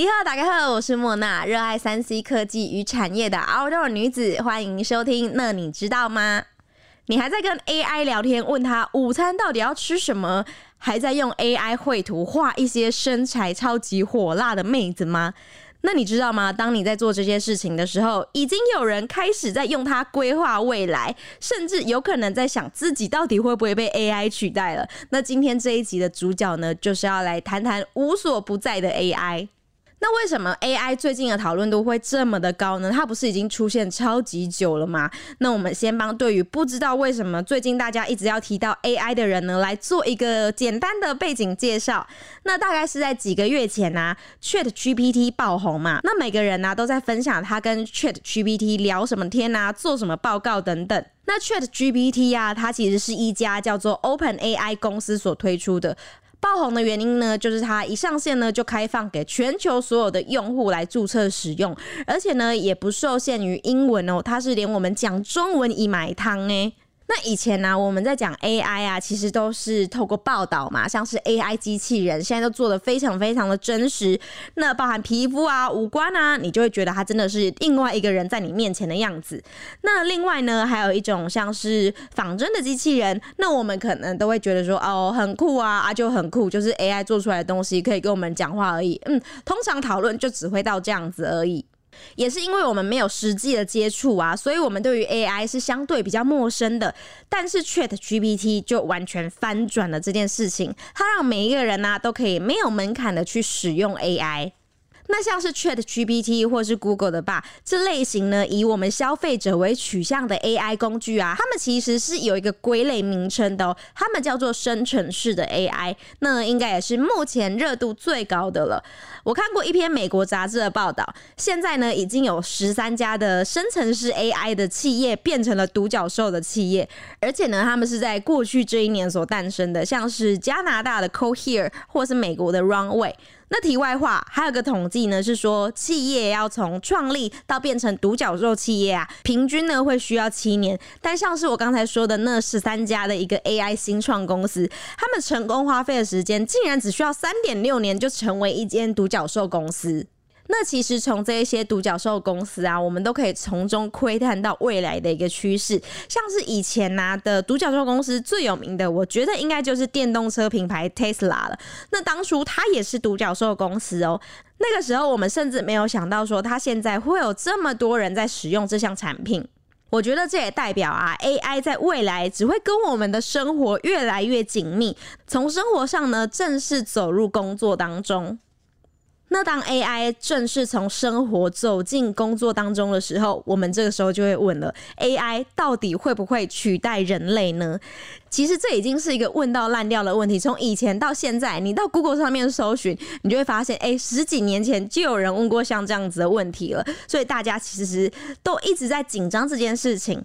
你好，大家好，我是莫娜，熱愛 3C 科技與產業的 outdoor 女子，歡迎收聽。那你知道嗎？你還在跟 AI 聊天，問他午餐到底要吃什麼？還在用 AI 繪圖畫一些身材超級火辣的妹子嗎？那你知道嗎？當你在做這些事情的時候，已經有人開始在用它規劃未來，甚至有可能在想自己到底會不會被 AI 取代了。那今天這一集的主角呢，就是要來談談無所不在的 AI。那為什麼 AI 最近的討論度會這麼的高呢？它不是已經出現超級久了嗎？那我們先幫對於不知道為什麼最近大家一直要提到 AI 的人呢，來做一個簡單的背景介紹。那大概是在幾個月前啊，ChatGPT 爆紅嘛。那每個人啊都在分享他跟 ChatGPT 聊什麼天啊，做什麼報告等等。那 ChatGPT 啊，它其實是一家叫做 OpenAI 公司所推出的。爆紅的原因呢，就是它一上線呢，就開放給全球所有的用戶來注冊使用，而且呢也不受限於英文哦，它是連我們講中文以買湯呢、欸。那以前呢、啊，我們在講 AI 啊，其實都是透過報導嘛，像是 AI 機器人，現在都做得非常非常的真實，那包含皮膚啊、五官啊，你就會覺得它真的是另外一個人在你面前的樣子。那另外呢，還有一種像是仿真的機器人，那我們可能都會覺得說，哦，很酷啊，啊就很酷，就是 AI 做出來的東西可以跟我們講話而已。嗯，通常討論就只會到這樣子而已。也是因為我們沒有實際的接觸啊，所以我們對於 AI 是相對比較陌生的。但是 ChatGPT 就完全翻轉了這件事情，它讓每一個人呢、啊、都可以沒有門檻的去使用 AI。那像是 ChatGPT 或是 Google 的吧，這類型呢，以我們消費者為取向的 AI 工具啊，他們其實是有一個歸類名稱的哦，他們叫做生成式的 AI。那應該也是目前熱度最高的了。我看過一篇美國雜誌的報道，現在呢已經有十三家的生成式 AI 的企業變成了獨角獸的企業，而且呢他們是在過去這一年所誕生的，像是加拿大的 Cohere 或是美國的 Runway。那題外話，還有個統計呢，是說企業要從創立到變成獨角獸企業啊，平均呢會需要七年。但像是我剛才說的那十三家的一個 AI 新創公司，他們成功花費的時間竟然只需要三點六年，就成為一間獨角獸公司。那其實從這一些獨角獸公司啊，我們都可以從中窺探到未來的一個趨勢。像是以前拿、啊、的獨角獸公司最有名的，我覺得應該就是電動車品牌 Tesla 了。那當初它也是獨角獸公司哦。那個時候我們甚至沒有想到說它現在會有這麼多人在使用這項產品。我覺得這也代表啊 AI 在未來只會跟我們的生活越來越緊密，從生活上呢正式走入工作當中。那當 AI 正式從生活走進工作當中的時候，我們這個時候就會問了：AI 到底會不會取代人類呢？其實這已經是一個問到爛掉的問題。從以前到現在，你到 Google 上面搜尋，你就會發現，哎，十幾年前就有人問過像這樣子的問題了，所以大家其實都一直在緊張這件事情。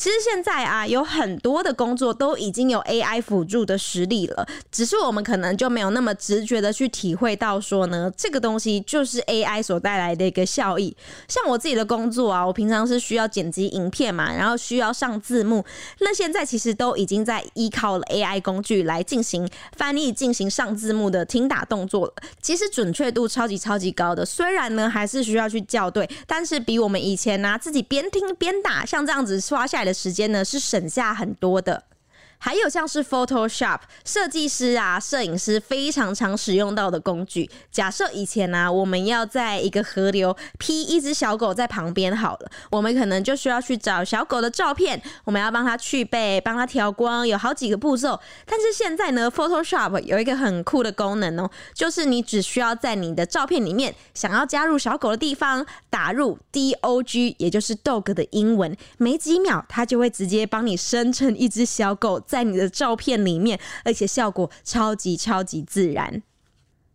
其實現在啊，有很多的工作都已經有 AI 輔助的實力了，只是我們可能就沒有那麼直覺的去體會到說呢，這個東西就是 AI 所帶來的一個效益。像我自己的工作啊，我平常是需要剪輯影片嘛，然後需要上字幕，那現在其實都已經在依靠了 AI 工具來進行翻譯、進行上字幕的聽打動作了。其實準確度超級超級高的，雖然呢還是需要去校對，但是比我們以前拿、啊、自己邊聽邊打，像這樣子刷下來的。的時間呢，是省下很多的。還有像是 Photoshop，設計師啊、攝影師非常常使用到的工具。假設以前呢、啊，我們要在一個河流 P 一隻小狗在旁邊好了，我們可能就需要去找小狗的照片，我們要幫它去背、幫它調光，有好幾個步驟。但是現在呢，Photoshop 有一個很酷的功能哦、喔，就是你只需要在你的照片裡面想要加入小狗的地方打入 DOG，也就是 dog 的英文，沒幾秒它就會直接幫你生成一隻小狗。在你的照片裡面，而且效果超級超級自然。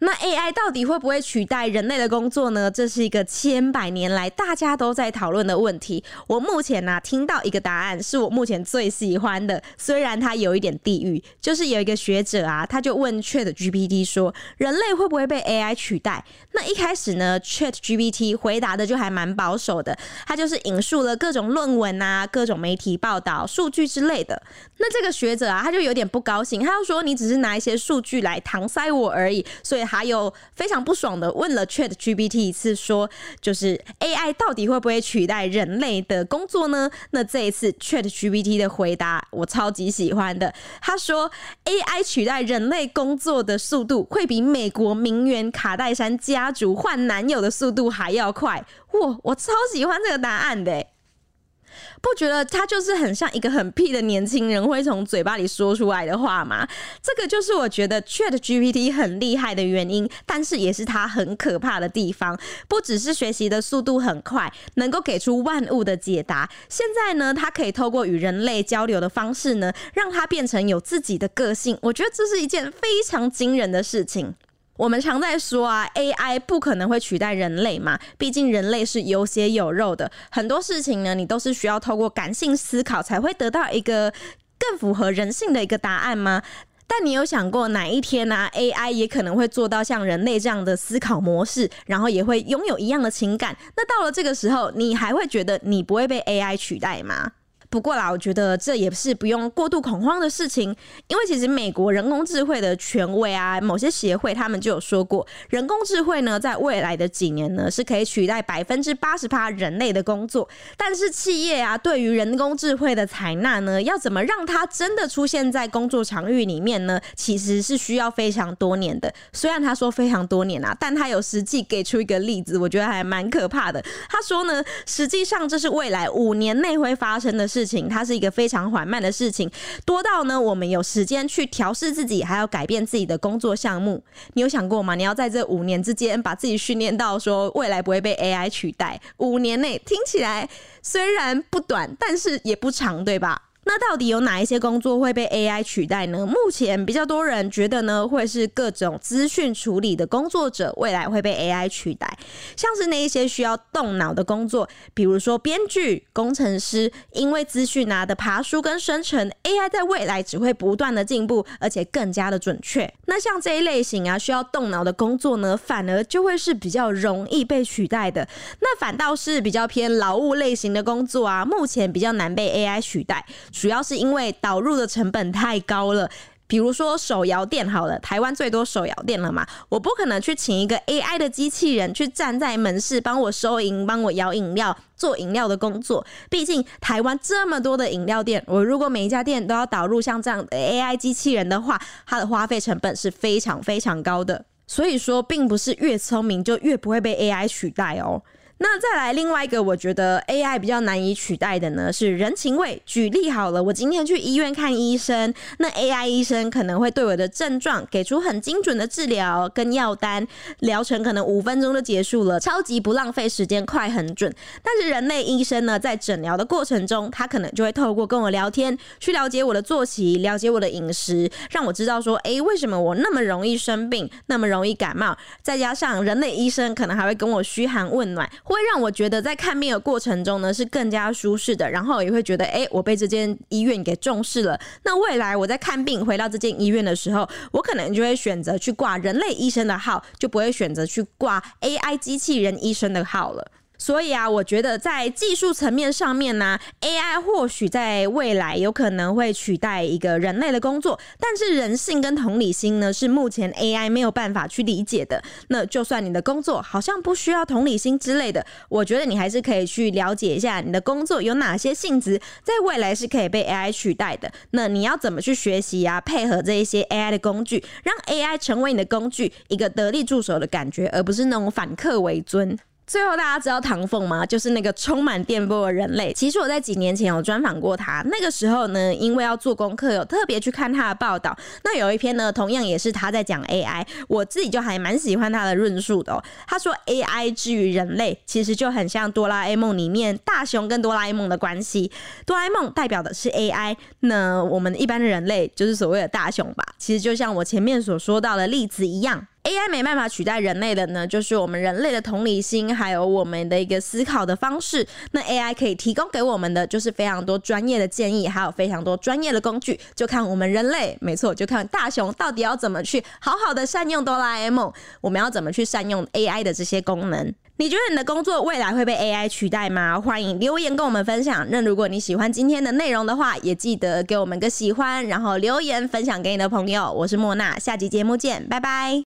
那 AI 到底會不會取代人類的工作呢？這是一個千百年來大家都在討論的問題。我目前啊，聽到一個答案是我目前最喜歡的，雖然它有一點地獄，就是有一個學者啊，他就問 ChatGPT 說：“人類會不會被 AI 取代？”那一開始呢，ChatGPT 回答的就還蠻保守的，他就是引述了各種論文啊、各種媒體報道、數據之類的。那這個學者啊，他就有點不高興，他就說：“你只是拿一些數據來搪塞我而已。”所以。還有非常不爽的問了 Chat GPT 一次，說就是 AI 到底會不會取代人類的工作呢？那這一次 Chat GPT 的回答我超級喜歡的，他說 AI 取代人類工作的速度會比美國名媛卡戴珊家族換男友的速度還要快。哇，我超喜歡這個答案的，欸。不覺得他就是很像一個很屁的年輕人會從嘴巴裡說出來的話嗎？這個就是我覺得 ChatGPT 很厲害的原因，但是也是他很可怕的地方。不只是學習的速度很快，能夠給出萬物的解答。現在呢，他可以透過與人類交流的方式呢，讓它變成有自己的個性。我覺得這是一件非常驚人的事情。我們常在說啊，AI 不可能會取代人類嘛，畢竟人類是有血有肉的，很多事情呢，你都是需要透過感性思考才會得到一個更符合人性的一個答案嗎？但你有想過哪一天啊，AI 也可能會做到像人類這樣的思考模式，然後也會擁有一樣的情感。那到了這個時候，你還會覺得你不會被 AI 取代嗎？不過啦，我覺得這也是不用過度恐慌的事情，因為其實美國人工智慧的權威啊，某些協會他們就有說過，人工智慧呢，在未來的幾年呢，是可以取代百分之八十八人類的工作。但是企業啊，對於人工智慧的採納呢，要怎麼讓它真的出現在工作場域裡面呢？其實是需要非常多年的。雖然他說非常多年啊，但他有實際給出一個例子，我覺得還蠻可怕的。他說呢，實際上這是未來五年內會發生的事。事情，它是一個非常緩慢的事情，多到呢，我們有時間去調適自己，還要改變自己的工作項目。你有想過嗎？你要在這五年之間把自己訓練到說未來不會被 AI 取代？五年內聽起來雖然不短，但是也不長，對吧？那到底有哪一些工作會被 AI 取代呢？目前比較多人覺得呢，會是各種資訊處理的工作者未來會被 AI 取代，像是那一些需要動腦的工作，比如說編劇、工程師，因為資訊拿的爬梳跟生成 AI，在未來只會不斷的進步，而且更加的準確。那像這一類型啊，需要動腦的工作呢，反而就會是比較容易被取代的。那反倒是比較偏勞務類型的工作啊，目前比較難被 AI 取代。主要是因為導入的成本太高了，比如說手搖店好了，台灣最多手搖店了嘛，我不可能去請一個 AI 的機器人去站在門市幫我收銀、幫我搖飲料、做飲料的工作，畢竟台灣這麼多的飲料店，我如果每一家店都要導入像這樣的 AI 機器人的話，它的花費成本是非常非常高的，所以說並不是越聰明就越不會被 AI 取代哦。那再來另外一個，我覺得 AI 比較難以取代的呢是人情味。舉例好了，我今天去醫院看醫生，那 AI 醫生可能會對我的症狀給出很精準的治療跟藥單，療程可能五分鐘就結束了，超級不浪費時間，快很準。但是人類醫生呢，在診療的過程中，他可能就會透過跟我聊天，去了解我的作息，了解我的飲食，讓我知道說，誒、欸，為什麼我那麼容易生病，那麼容易感冒？再加上人類醫生可能還會跟我噓寒問暖。會讓我覺得在看病的過程中呢，是更加舒適的，然後也會覺得，哎、欸，我被這間醫院給重視了。那未來我在看病回到這間醫院的時候，我可能就會選擇去掛人類醫生的號，就不會選擇去掛 AI 機器人醫生的號了。所以啊，我覺得在技術層面上面呢，AI 或許在未來有可能會取代一個人類的工作，但是人性跟同理心呢，是目前 AI 沒有辦法去理解的。那就算你的工作好像不需要同理心之類的，我覺得你還是可以去了解一下你的工作有哪些性質，在未來是可以被 AI 取代的。那你要怎麼去學習啊，配合這一些 AI 的工具，讓 AI 成為你的工具，一個得力助手的感覺，而不是那種反客為尊。最後大家知道唐鳳嗎？就是那個充滿電波的人類。其實我在幾年前有專訪過他，那個時候呢，因為要做功課，有特別去看他的報道。那有一篇呢，同樣也是他在講 AI，我自己就還蠻喜歡他的論述的喔。他說 AI 之於人類，其實就很像哆啦 A 夢裡面大雄跟哆啦 A 夢的關係。哆啦 A 夢代表的是 AI，那我們一般的人類就是所謂的大雄吧？其實就像我前面所說到的例子一樣。AI 沒辦法取代人類的呢，就是我們人類的同理心，還有我們的一個思考的方式。那 AI 可以提供給我們的，就是非常多專業的建議，還有非常多專業的工具。就看我們人類，沒錯，就看大雄到底要怎麼去好好的善用哆啦 A 夢，我們要怎麼去善用 AI 的這些功能？你覺得你的工作未來會被 AI 取代嗎？歡迎留言跟我們分享。那如果你喜歡今天的內容的話，也記得給我們個喜歡，然後留言分享給你的朋友。我是莫娜，下期節目見，拜拜。